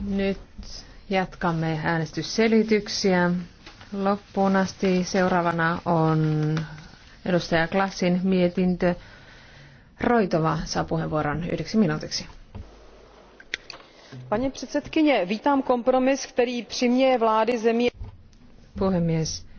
Nyt jatkamme äänestysselityksiä loppuun asti. Seuraavana on edustaja Klassin mietintö. Roitova saa puheenvuoron yhdeksi minuutiksi. Pani předsedkyně, vítám kompromis, který přiměje vlády zemí. Puhemies,